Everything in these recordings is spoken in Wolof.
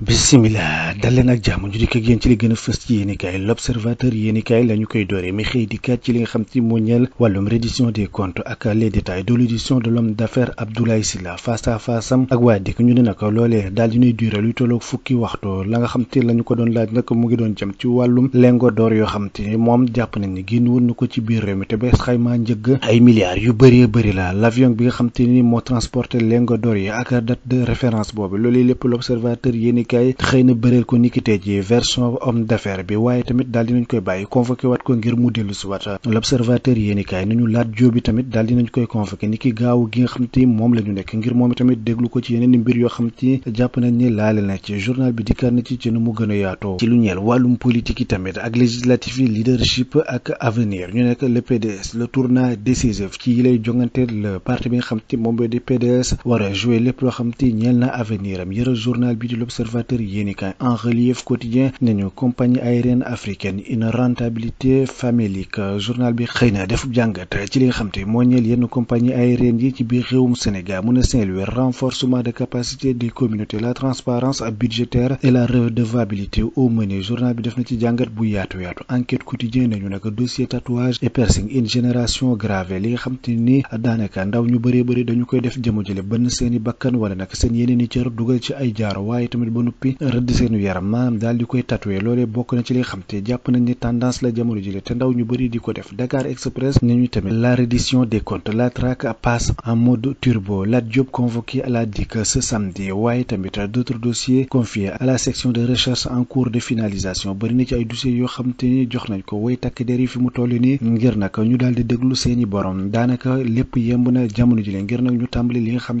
bisimilah. dal ak jàmm ñu dikk ak yéen ci li gën a fës l'observateur yéenikaay la koy dooree mi xëy dikkaat ci li nga xam te moo ñeel wàllum reddition des comptes ak les détails de l'audition de l'homme d'affaires Abdoulaye Sylla face à face am ak waa dikk ñu ne nag loolee daal di ñuy durer lu fukki waxtu la nga xam te la ñu ko doon laaj nag mu ngi doon jëm ci wàllum lingot d'or yoo xam te moom jàpp nañ ni génn woon na ko ci biir réew mi te bees xaymaa njëgg ay milliards yu bëree bëri la l'avion bi nga xam te ni moo transporté lingot d'or yi ak date de référence boobu loolu lépp l'observateur yéenikaay xëy na ko niki tey ji version homme d'affaires bi waaye tamit daal dinañ koy bàyyi convoqué waat ko ngir mu dellu si waat l'observateur yéeni kaay nañu laat jóobi tamit daal dinañ koy convoqué niki gaaw gi nga xam te moom la ñu nekk ngir moom tamit déglu ko ci yeneen i mbir yoo xam te jàpp nañ ne laale na ci journal bi dikkaat na ci ci nu mu gën a yaatoo ci lu ñeel wàllum politique yi tamit ak législatif yi leadership ak avenir ñu nekk le PDS le tournant décisif ci yi lay jongante bi nga xam te moom di PDS war lépp loo xam te ñeel na avenir am yëral journal bi di l'observateur en relief quotidien nañu compagnie aérienne africaine une rentabilité famélique journal bi xëy na def jàngat ci li nga xam te moo ñeel yenn compagnie aérienne yi ci biir réewum Sénégal mu ne Saint-Louis renforcement de capacité des communautés la transparence budgétaire et la redevabilité au menu journal bi def na ci jàngat bu yaatu yaatu enquête quotidien nañu nag dossier tatouage et piercing une génération grave li nga xam te ni daanaka ndaw ñu bëree bëri dañu koy def jëmo jële bënn seen i seen i cër dugal ci ay jaaro waaye tamit yaram maanaam daal di koy tatoué loolee bokk na ci li xam jàpp nañ ne tendance la jamono jile te ndaw ñu bëri di ko def Dakar Express nañu tamit la reddition des comptes la traque passe en mode turbo Lat Diop convoqué à la DIC ce samedi waaye tamit d'autres dossiers confiés à la section de recherche en cours de finalisation bëri na ci ay dossiers yoo xam te ni jox nañ ko way takk der yi fi mu toll nii ngir nag ñu daal di déglu seeni borom daanaka lépp yemb na jamono jile ngir nag ñu tàmbali li nga xam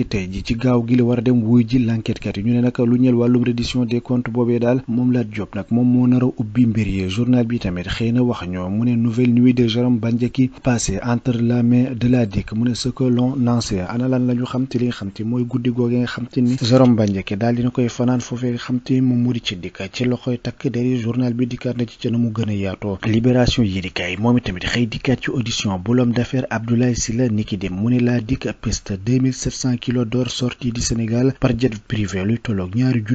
ki tey ji ci gaaw gi la war a dem wuy ji l'enquêtekat yi ñu ne nag lu ñeel wàllum reddition des comptes boobee daal moom Lat Diop nag moom moo nar a ubbi mbir yi journal bi tamit xëy na wax ñoo mu ne nouvelle nuit de Jérôme Bandiaky passé entre la main de la DIC mu ne ce que l'on lancé xam te li nga xam te mooy guddi googee nga xam te ni Jérôme Bandiaky daal dina koy fanaan foofee nga xam te mu di ci dikk ci loxoy takk dari journal bi dikkaat a kilo d'or sorti du Sénégal par jet privé luy tolloog ñaari ko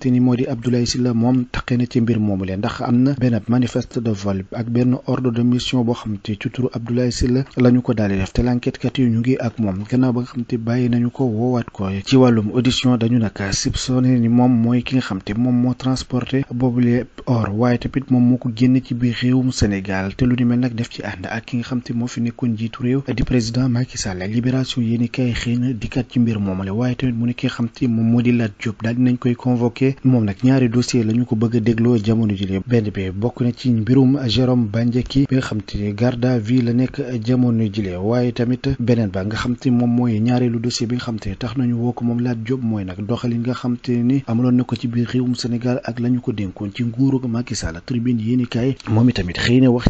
ci ni moo di Abdoulaye Sylla na ci mbir moomu leen ndax am na benn manifeste de vol ak benn xam te la ko daal di def te l'enquête kat yi ñu ngi ak moom gannaaw ba nga xam bàyyi nañu ko woowaat ko ci wàllum audition dañu naka sib soné ni moom mooy ki nga xam te moom moo transporté boobule or waaye tamit moom moo ko génn ci biir réewum Sénégal Sénégal te lu ni mel nag def ci ànd ak ki nga xam te moo fi nekkoon jiitu réew di président Macky Sall libération yéeni kaay xëy na dikkaat ci mbir moomale waaye tamit mu ne ki nga xam te moom moo di Lat Diop daal dinañ koy convoqué moom nag ñaari la ñu ko bëgg a dégloo waaye tamit beneen ba nga xam te moom mooy ñaareelu dossier bi nga xam te tax nañu woo ko moom laat Diop mooy nag doxalin nga xam te ni amaloon na ko ci biir réewum Sénégal ak lañu ñu ko dénkoon ci nguuru Macky Sall tribune yéeni kaay moom itamit xëy wax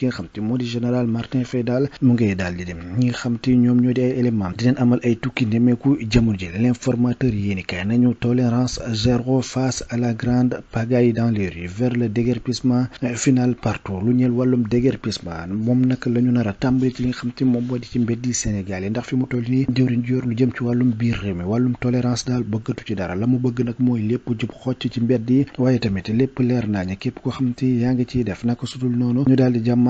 ki nga xam te moo di général Martin Faye daal mu ngay daal di dem ñi nga xam te ñoom ñoo di ay élément dinañ amal ay tukki ndemeeku jamono ji l'informateur yéeni moom nag la ñu a tàmbali ci li xam moom moo ci mbeddi Sénégal yi ndax fi mu toll nii jëwriñ ji lu jëm ci wàllum biir réew wàllum tolérance daal bëggatu ci dara la mu bëgg nag mooy lépp jub xocc ci mbedd waaye tamit lépp leer naa ñi képp ko xam te yaa ngi ciy def naka sudul noonu ñu daal jàmm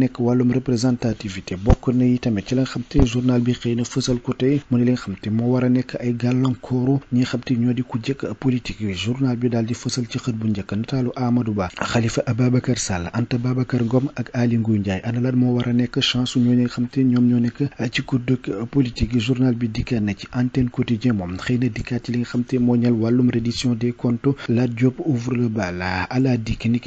nekk wàllum représentativité bokk na yi tamit ci la nga xam te journal bi xëy na fësal ko tey mu ne li nga xam te moo war a nekk ay gàllankooru ñi nga xam te ñoo di ku jëkk politique yi journal bi daal di fësal ci xët bu njëkk nataalu Amadou Ba Khalifa Ababacar Sall Anta Babacar Ngom ak Aly Ngouille Ndiaye ana moo war a nekk chance ñoo ñi nga xam ñoom ñoo nekk ci ku dëkk politique yi journal bi dikkaat na ci antenne quotidien moom xëy na dikkaat ci li nga xam te moo ñal wàllum reddition des comptes Lat Diop ouvre le bal ala dikk ni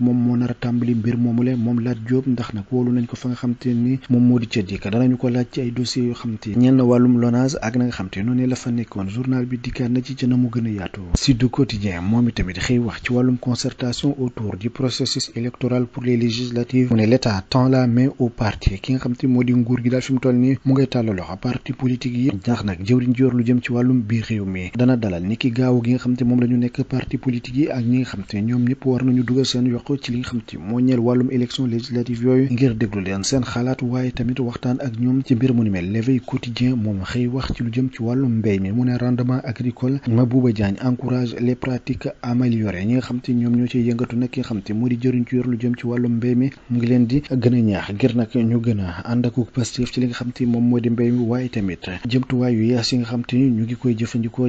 moom moo nar a tàmbali mbir moomule moom Lat Diop ndax nag wóolu nañ ko fa nga xam te ni moom moo di ca dikka danañu ko laaj ci ay dossiers yoo xam te ñeel na wàllum lonage ak na nga xam noonu la fa nekkoon wax ci wàllum concertation autour du processus pour les législatives mu ne la main au parti ki nga xam te di nguur gi daal fi mu toll nii mu ngay tàllal loxo parti politique yi ndax nag jëwriñ joor lu jëm ci wàllum biir réew mi dana dalal ni ki gaaw gi nga xam te moom la ñu nekk parti politique yi ak ñi nga xam te ñoom ñëpp war nañu dugal seen yokk ci li nga xam te moo ñeel wàllum élection législative yooyu yooyu ngir déglu leen seen xalaat waaye tamit waxtaan ak ñoom ci mbir mu ni mel l'éveil quotidien moom xëy wax ci lu jëm ci wàllu mbéy mi mu ne rendement agricole Mabouba Diagne encourage les pratiques améliorées ñi nga xam te ñoom ñoo ci yëngatu nag xam te moo di jëriñ ci yor lu jëm ci wàllu mbéy mi mu ngi leen di gën a ñaax ngir nag ñu gën a ànd ak positif ci li nga xam te moom moo di mbéy waaye tamit jëmtuwaay yu yees yi nga xam te ñu ngi koy jëfandikoo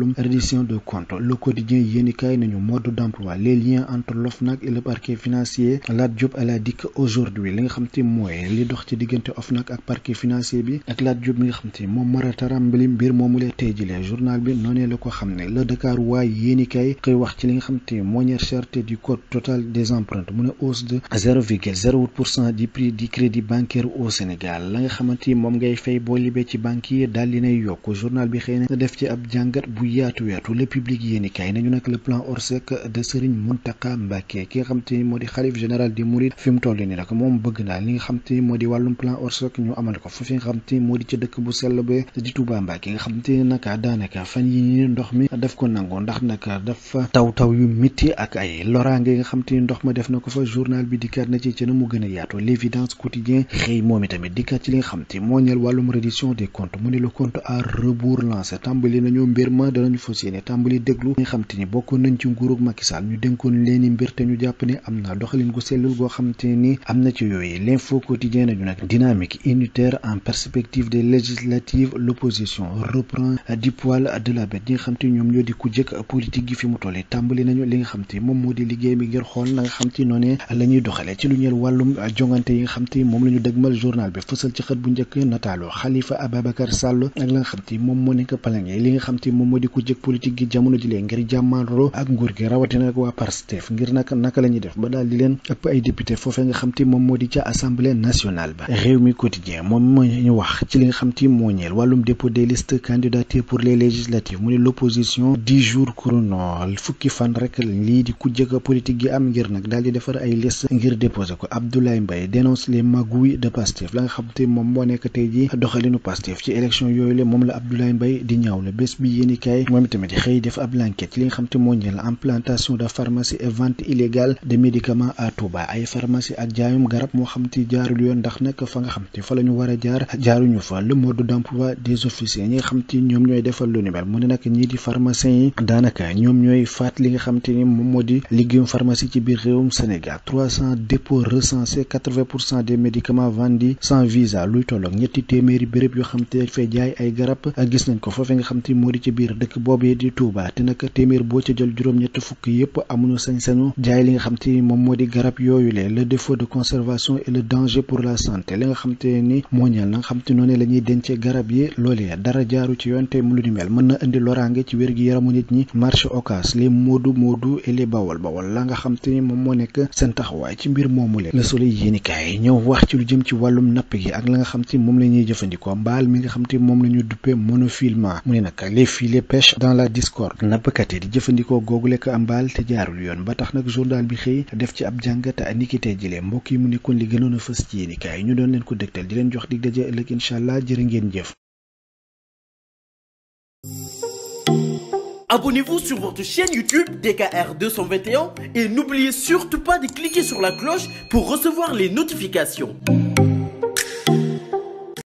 wàllum reddition de compte le quotidien yéenikaay nañu mode d'emploi les liens entre l'OFNAC et le parquet financier Lat Diop à la DIC aujourd'hui li nga xam te mooy li dox ci diggante OFNAC ak parquet financier bi ak moom mara tarambali mbir moomu lee tey journal bi noonee la ko xam ne le Dakar waay yéenikaay koy wax ci li nga xam te monière cherté du total des empreintes mu ne hausse de zéro prix du crédit bancaire au Sénégal la nga xamante moom ngay fay boo libee ci banque yi daal di nay yokk journal bi xëy na def ci ab jàngat yaatu yaatu le public yéenekaay nañu nag le plan Orsec de Serigne Mountakha Mbacké ki nga xam moo di xalif général des Mourides fi mu toll nii nag moom bëgg naa nga xam moo di ca dëkk bu sell ba di Touba Mbacké nga xam te daanaka fan yi nii ndox mi daf ko nangoo ndax nag dafa taw taw yu métti ak ay loraange nga xam ndox ma def na ko fa journal bi dikkaat na ci ci na mu gën a yaatu l'évidence quotidien xëy moom itamit dikkaat ci li nga danañu fas yéene tàmbali déglu ñi xam te ni bokkoon nañ ci nguurug Macky ñu dénkoon leen mbir te ñu jàpp ne am na doxalin gu sellul goo xam ni am na ci yooyu l'info quotidien nañu nag dynamique unitaire en perspective des législatives l'opposition reprend du poil de la bête nga xam ñoom ñoo di ku jëkk gi fi mu tolli tàmbali nañu li nga xam moom moo di liggéey mi ngir xool na nga xam te noonee la ci lu ñeel wàllum jongante yi nga ku jëkk politique gi jamono ji lee ngir jàmmaarloo ak nguur gi rawatina ak waa Pastef ngir naka naka la ñuy def ba daal di leen ëpp ay député foofee nga xam moom moo di ca assemblée nationale ba réew mi quotidien moom moo ñu wax ci li nga xam te moo ñeel wàllum dépôt des listes candidatures pour les législatives mu ne l'opposition dix jours chrono fukki fan rek lii di ku jëkk politique gi am ngir nag daal di defar ay liste ngir déposé ko Abdoulaye Mbaye dénonce les magouilles de Pastef la xam te moom moo nekk tey ji doxalinu Pastef ci élection yooyu le moom la Abdoulaye Mbaye di kaay moom itamit xëy def ab enquête ci li nga xam te moo implantation de pharmacie et vente de médicaments à Touba ay pharmacie ak jaayum garab moo xam jaarul yoon ndax nag fa nga xam fa la ñu a jaar jaaruñu fa le mode d'emploi des officiers ñi nga xam ñoom ñooy defal lu mel mu ne nag ñii di pharmaciens yi daanaka ñoom ñooy faat li nga xam te liggéeyum pharmacie ci biir réewum Sénégal trois cent dépôts recensés quatre-vingts dëkk boobee di Touba te nag téeméer boo ca jël juróom-ñett fukk yëpp amuñu sañ-sañu jaay li nga xam te ni moom moo di garab yooyu le le défaut de conservation et le danger pour la santé li nga xam te ni moo ñeel na nga xam te noonu la ñuy dencee garab yi loolee dara jaaru ci yoon te mu lu ni mën na indi loraange ci wér gi yaramu nit ñi marché occas les moodu moodu et les bawal bawal la nga xam te ni moom moo nekk seen taxawaay ci mbir moomu le soleil yéenikaay ñëw wax ci lu jëm ci wàllum napp gi ak la nga xam te moom la ñuy jëfandikoo mbaal mi nga xam te moom la ñu duppee monofilament mu ne nag les pêche dans la discorde nappkat yi di jëfandikoo googule ko ambaal te jaarul yoon ba tax nag journal bi xëy def ci ab jàngat niki tey jilee mbokk mu nekkoon li gënoon a fës ci yéenikaay ñu doon leen ko dëgtal di leen jox dig daje ëllëg incha allah ngeen jëf Abonnez-vous sur votre chaîne YouTube DKR et n'oubliez surtout pas de cliquer sur la cloche pour recevoir les notifications.